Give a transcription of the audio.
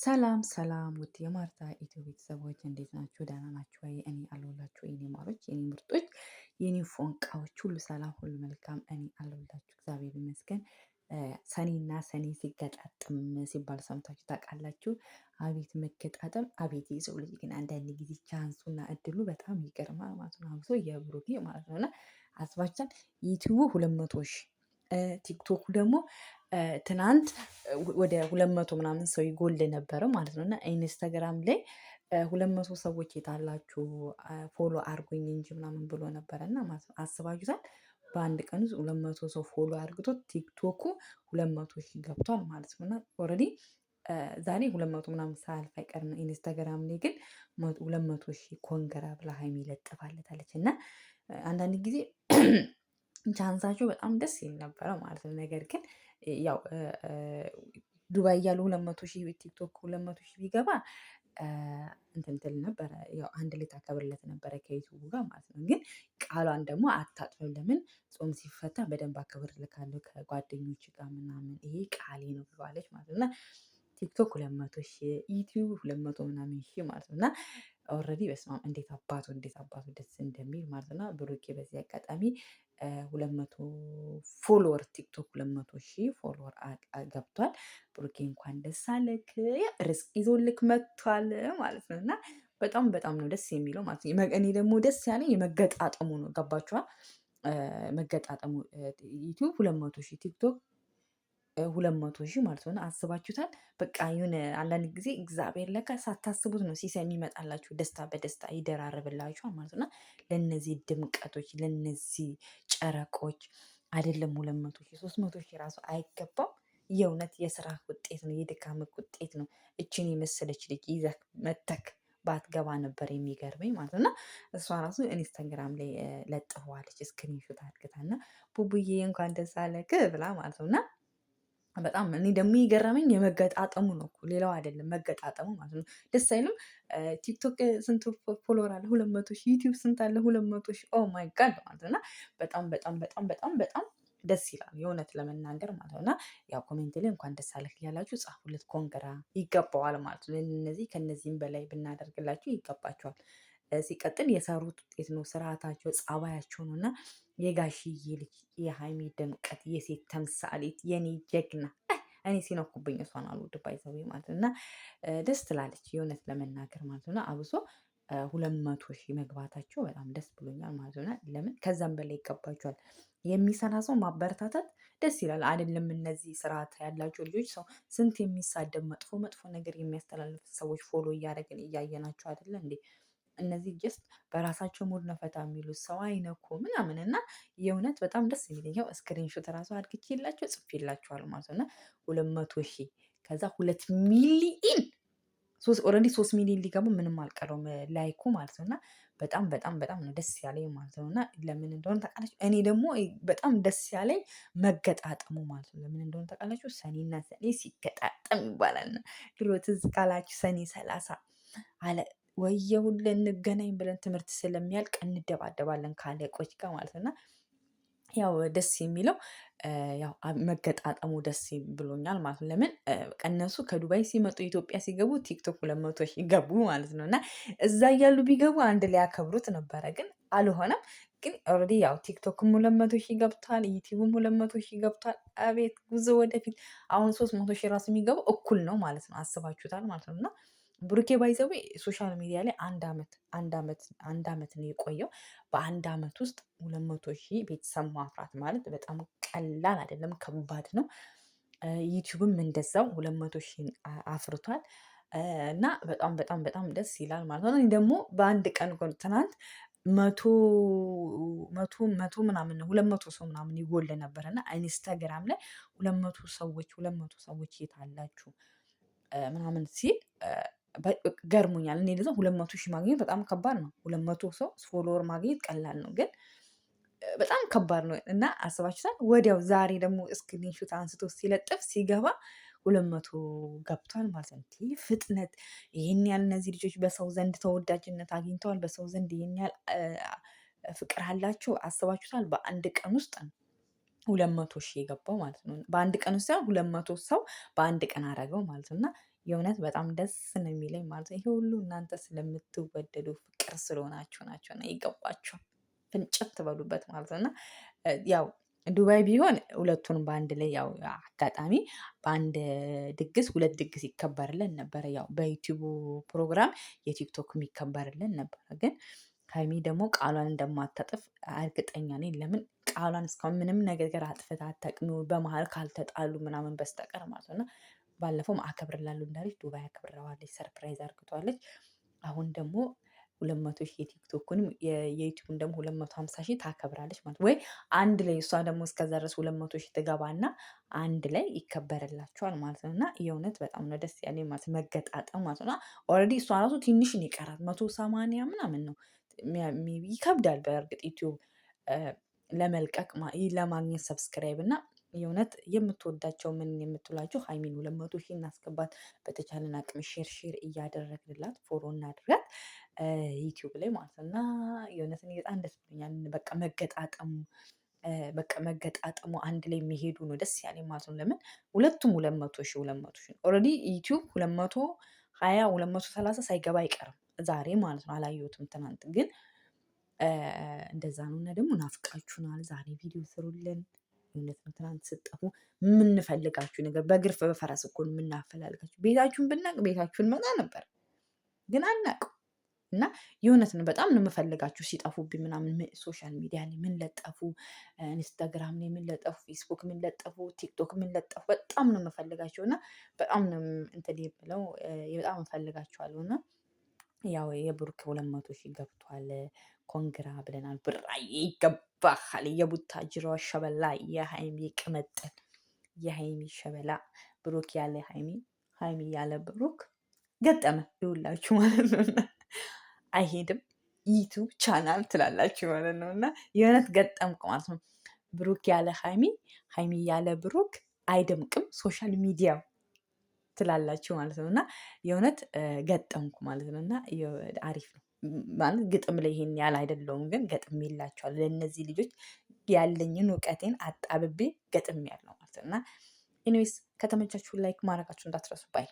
ሰላም ሰላም ውድ የማርታ ኢትዮ ቤተሰቦች እንዴት ናችሁ? ደህና ናችሁ ወይ? እኔ አለሁላችሁ። የኔ ማሮች፣ የኔ ምርጦች፣ የኔ ፎንቃዎች ሁሉ ሰላም፣ ሁሉ መልካም። እኔ አለሁላችሁ እግዚአብሔር ይመስገን። ሰኔና ሰኔ ሲገጣጥም ሲባል ሰምታችሁ ታውቃላችሁ። አቤት መገጣጠም፣ አቤት የሰው ልጅ ግን አንዳንድ ጊዜ ቻንሱና እድሉ በጣም ይገርማል ማለት ነው። አብሶ የብሩኬ ማለት ነው እና አስባችን ዩቲዩቡ ሁለት መቶ ሺህ ቲክቶኩ ደግሞ ትናንት ወደ ሁለት መቶ ምናምን ሰው ይጎል ነበረ ማለት ነው እና ኢንስታግራም ላይ ሁለት መቶ ሰዎች የታላችሁ ፎሎ አርጎኝ እንጂ ምናምን ብሎ ነበረ እና ማለት ነው አስባችሁታል። በአንድ ቀን ውስጥ ሁለት መቶ ሰው ፎሎ አርግቶ ቲክቶኩ ሁለት መቶ ሺ ገብቷል ማለት ነው እና ኦልሬዲ ዛሬ ሁለት መቶ ምናምን ሳያልፍ አይቀርም። ኢንስታግራም ላይ ግን ሁለት መቶ ሺ ኮንግራ ብላ ሀይሚ ለጥፋለታለች እና አንዳንድ ጊዜ ቻንሳቸው በጣም ደስ ይል ማለት ነው። ነገር ግን ያው ዱባይ እያሉ ሁለት መቶ ሺህ ቲክቶክ ሁለት መቶ ሺህ ቢገባ እንትን ትል ነበረ ያው አንድ ላይ ታከብርለት ነበረ ከዩቱቡ ጋር ማለት ነው። ግን ቃሏን ደግሞ አታጥፈው። ለምን ጾም ሲፈታ በደንብ አከብርልካለሁ ከጓደኞች ጋር ምናምን ይሄ ቃሌ ነው ብለዋለች ማለት ነው። ቲክቶክ ሁለት መቶ ሺህ ዩቲዩብ ሁለት መቶ ምናምን ሺህ ማለት ነው። እና ኦልሬዲ በስማም እንዴት አባቱ እንዴት አባቱ ደስ እንደሚል ማለት ነው። ብሩኬ በዚህ አጋጣሚ ሁለት መቶ ፎሎወር ቲክቶክ ሁለት መቶ ሺህ ፎሎወር ገብቷል። ብሩኬ እንኳን ደስ አለክ፣ ርዝቅ ይዞልክ መጥቷል ማለት ነው እና በጣም በጣም ነው ደስ የሚለው ማለት ነው። እኔ ደግሞ ደስ ያለኝ የመገጣጠሙ ነው። ገባችኋል? መገጣጠሙ ዩቲዩብ ሁለት መቶ ሺህ ቲክቶክ ሁለት መቶ ሺህ ማለት ነው። አስባችሁታል? በቃ የሆነ አንዳንድ ጊዜ እግዚአብሔር ለካ ሳታስቡት ነው ሲሳይ የሚመጣላችሁ ደስታ በደስታ ይደራረብላችኋል ማለት ነው። ለነዚህ ድምቀቶች፣ ለነዚህ ጨረቆች አይደለም ሁለት መቶ ሺህ ሶስት መቶ ሺህ ራሱ አይገባም። የእውነት የስራ ውጤት ነው፣ የድካም ውጤት ነው። እችን የመሰለች ልጅ ይዘህ መተክ ባትገባ ነበር የሚገርመኝ ማለት ነው። እና እሷ ራሱ ኢንስታግራም ላይ ለጥፈዋለች፣ እስክሪንሾት አድርግታ እና ቡቡዬ እንኳን ደስ አለህ ብላ ማለት ነው እና በጣም እኔ ደግሞ የገረመኝ የመገጣጠሙ ነው እኮ ሌላው አይደለም፣ መገጣጠሙ ማለት ነው። ደስ አይልም? ቲክቶክ ስንት ፎሎወር አለ? ሁለት መቶ ሺህ ዩቲዩብ ስንት አለ? ሁለት መቶ ሺህ ኦ ማይ ጋድ ማለት ነው። በጣም በጣም በጣም በጣም በጣም ደስ ይላል የእውነት ለመናገር ማለት ነው። እና ያው ኮሜንት ላይ እንኳን ደስ አለህ እያላችሁ ጻፉለት። ኮንግራ ይገባዋል ማለት ነው። እነዚህ ከነዚህም በላይ ብናደርግላችሁ ይገባቸዋል። ሲቀጥል የሰሩት ውጤት ነው፣ ስርዓታቸው፣ ጸባያቸው ነው እና የጋሽዬ ልጅ የሀይሜ ድምቀት፣ የሴት ተምሳሌት፣ የኔ ጀግና እኔ ሲነኩብኝ እሷን አልወድ ባይዘዊ ማለት ነው እና ደስ ትላለች የእውነት ለመናገር ማለት ነው አብሶ ሁለት መቶ ሺህ መግባታቸው በጣም ደስ ብሎኛል ማለት ነው። ለምን ከዛም በላይ ይገባቸዋል። የሚሰራ ሰው ማበረታታት ደስ ይላል አይደለም? እነዚህ ስርዓት ያላቸው ልጆች ሰው ስንት የሚሳደብ መጥፎ መጥፎ ነገር የሚያስተላልፉ ሰዎች ፎሎ እያደረግን እያየናቸው አይደለ እንዴ? እነዚህ ጀስት በራሳቸው ሙድ ነው ፈታ የሚሉት ሰው አይነኩ ምናምን እና የእውነት በጣም ደስ የሚለኛው ስክሪንሾት ራሱ አድርጌ ጽፌላቸዋል ማለት ነው እና ሁለት መቶ ሺህ ከዛ ሁለት ሚሊኢን ኦልሬዲ ሶስት ሚሊዮን ሊገቡ ምንም አልቀረውም ላይኩ ማለት ነው እና በጣም በጣም በጣም ነው ደስ ያለኝ ማለት ነው እና ለምን እንደሆነ ታውቃላችሁ እኔ ደግሞ በጣም ደስ ያለኝ መገጣጠሙ ማለት ነው ለምን እንደሆነ ታውቃላችሁ ሰኔና ሰኔ ሲገጣጠም ይባላል ድሮ ትዝ ካላችሁ ሰኔ ሰላሳ አለ ወየሁለ እንገናኝ ብለን ትምህርት ስለሚያልቅ እንደባደባለን ካለቆች ጋር ማለት ነው እና ያው ደስ የሚለው ያው መገጣጠሙ ደስ ብሎኛል ማለት ነው። ለምን እነሱ ከዱባይ ሲመጡ ኢትዮጵያ ሲገቡ ቲክቶክ ሁለት መቶ ሺህ ገቡ ማለት ነው እና እዛ እያሉ ቢገቡ አንድ ላይ ያከብሩት ነበረ፣ ግን አልሆነም። ግን ኦልሬዲ ያው ቲክቶክም ሁለት መቶ ሺህ ገብቷል፣ ዩቲዩብም ሁለት መቶ ሺህ ገብቷል። አቤት ጉዞ ወደፊት። አሁን ሶስት መቶ ሺህ ራሱ የሚገባው እኩል ነው ማለት ነው። አስባችሁታል ማለት ነው እና ብሩኬ ባይዘዌ ሶሻል ሚዲያ ላይ አንድ አመት አንድ አመት አንድ አመት ነው የቆየው። በአንድ አመት ውስጥ ሁለት መቶ ሺህ ቤተሰብ ማፍራት ማለት በጣም ቀላል አይደለም፣ ከባድ ነው። ዩቲዩብም እንደዛው ሁለት መቶ ሺህ አፍርቷል እና በጣም በጣም በጣም ደስ ይላል ማለት ነው። ደግሞ በአንድ ቀን ትናንት መቶ መቶ መቶ ምናምን ሁለት መቶ ሰው ምናምን ይጎል ነበር እና ኢንስታግራም ላይ ሁለት መቶ ሰዎች ሁለት መቶ ሰዎች የት አላችሁ ምናምን ሲል ገርሞኛል። እኔ ደግሞ ሁለት መቶ ሺህ ማግኘት በጣም ከባድ ነው። ሁለት መቶ ሰው ፎሎወር ማግኘት ቀላል ነው፣ ግን በጣም ከባድ ነው እና አስባችሁታል። ወዲያው ዛሬ ደግሞ ስክሪንሾት አንስቶ ሲለጥፍ ሲገባ ሁለት መቶ ገብቷል ማለት ነው። ፍጥነት ይህን ያህል እነዚህ ልጆች በሰው ዘንድ ተወዳጅነት አግኝተዋል። በሰው ዘንድ ይህን ያህል ፍቅር አላቸው። አስባችሁታል። በአንድ ቀን ውስጥ ነው ሁለት መቶ ሺህ የገባው ማለት ነው። በአንድ ቀን ውስጥ ሳይሆን ሁለት መቶ ሰው በአንድ ቀን አረገው ማለት ነው እና የእውነት በጣም ደስ ነው የሚለኝ ማለት ነው። ይሄ ሁሉ እናንተ ስለምትወደዱ ፍቅር ስለሆናችሁ ናቸው እና ይገባችኋል። ፍንጭት ትበሉበት ማለት ነው ያው ዱባይ ቢሆን ሁለቱን በአንድ ላይ ያው አጋጣሚ በአንድ ድግስ ሁለት ድግስ ይከበርልን ነበረ። ያው በዩቲዩቡ ፕሮግራም የቲክቶክ የሚከበርልን ነበረ። ግን ሀይሚ ደግሞ ቃሏን እንደማታጥፍ እርግጠኛ ነኝ። ለምን ቃሏን እስካሁን ምንም ነገር አጥፍታ አታውቅም፣ በመሀል ካልተጣሉ ምናምን በስተቀር ማለት ነው። ባለፈው አከብርላለሁ እንዳለች ዱባይ አከብረዋለች፣ ሰርፕራይዝ አርግቷለች። አሁን ደግሞ ሁለት መቶ ሺህ የቲክቶክንም የዩቲዩብን ደግሞ ሁለት መቶ ሀምሳ ሺህ ታከብራለች ማለት ወይ አንድ ላይ እሷ ደግሞ እስከዛ ድረስ ሁለት መቶ ሺህ ትገባና አንድ ላይ ይከበርላቸዋል ማለት ነው። እና የእውነት በጣም ነው ደስ ያለኝ ማለት መገጣጠም ማለት ነው። ኦልሬዲ እሷ ራሱ ትንሽ ነው ይቀራል መቶ ሰማንያ ምናምን ነው ይከብዳል። በእርግጥ ዩቲዩብ ለመልቀቅ ለማግኘት ሰብስክራይብ እና የእውነት የምትወዳቸው ምን የምትሏቸው ሀይሚን ሁለት መቶ ሺህ እናስገባት። በተቻለን አቅም ሼር ሼር እያደረግንላት ፎሎ እናድርጋት ዩቲዩብ ላይ ማለት ነው። እና የእውነት በጣም ደስ ብሎኛል። በቃ መገጣጠሙ በቃ መገጣጠሙ አንድ ላይ የሚሄዱ ነው ደስ ያለኝ ማለት ነው። ለምን ሁለቱም ሁለት መቶ ሺህ ሁለት መቶ ሺህ ኦልሬዲ ዩቲዩብ ሁለት መቶ ሀያ ሁለት መቶ ሰላሳ ሳይገባ አይቀርም ዛሬ ማለት ነው። አላየሁትም ትናንት ግን እንደዛ ነው። እና ደግሞ ናፍቃችሁናል። ዛሬ ቪዲዮ ስሩልን። እውነት ነው። ትናንት ስጠፉ የምንፈልጋችሁ ነገር በግርፍ በፈረስ እኮ የምናፈላልጋችሁ ቤታችሁን ብናቅ ቤታችሁን መጣ ነበር ግን አናቅ እና የእውነት ነው። በጣም ነው የምፈልጋችሁ ሲጠፉብኝ ምናምን ሶሻል ሚዲያ ላይ የምንለጠፉ ኢንስታግራም ላይ የምንለጠፉ ፌስቡክ የምንለጠፉ ቲክቶክ የምንለጠፉ በጣም ነው የምፈልጋችሁ እና በጣም ነው እንትን ብለው በጣም እፈልጋችኋለሁ እና ያው የብሩክ ሁለት መቶ ሺህ ገብቷል። ኮንግራ ብለናል። ብራዬ ይገባሃል። የቡታ ጅሮ ሸበላ የሀይሚ ቅመጥን የሀይሚ ሸበላ ብሩክ ያለ ሀይሚ ሀይሚ ያለ ብሩክ ገጠመ ይውላችሁ ማለት ነው እና አይሄድም ዩቱብ ቻናል ትላላችሁ ማለት ነው እና የእውነት ገጠምቅ ማለት ነው። ብሩክ ያለ ሀይሚ ሀይሚ ያለ ብሩክ አይደምቅም ሶሻል ሚዲያው ትላላችሁ ማለት ነው። እና የእውነት ገጠምኩ ማለት ነው። እና አሪፍ ነው ማለት ግጥም ላይ ይሄን ያህል አይደለውም፣ ግን ገጥም ይላቸዋል ለእነዚህ ልጆች ያለኝን እውቀቴን አጣብቤ ገጥም ያለው ማለት ነው። እና ኢኒዌይስ ከተመቻችሁ ላይክ ማድረጋችሁ እንዳትረሱ ባይ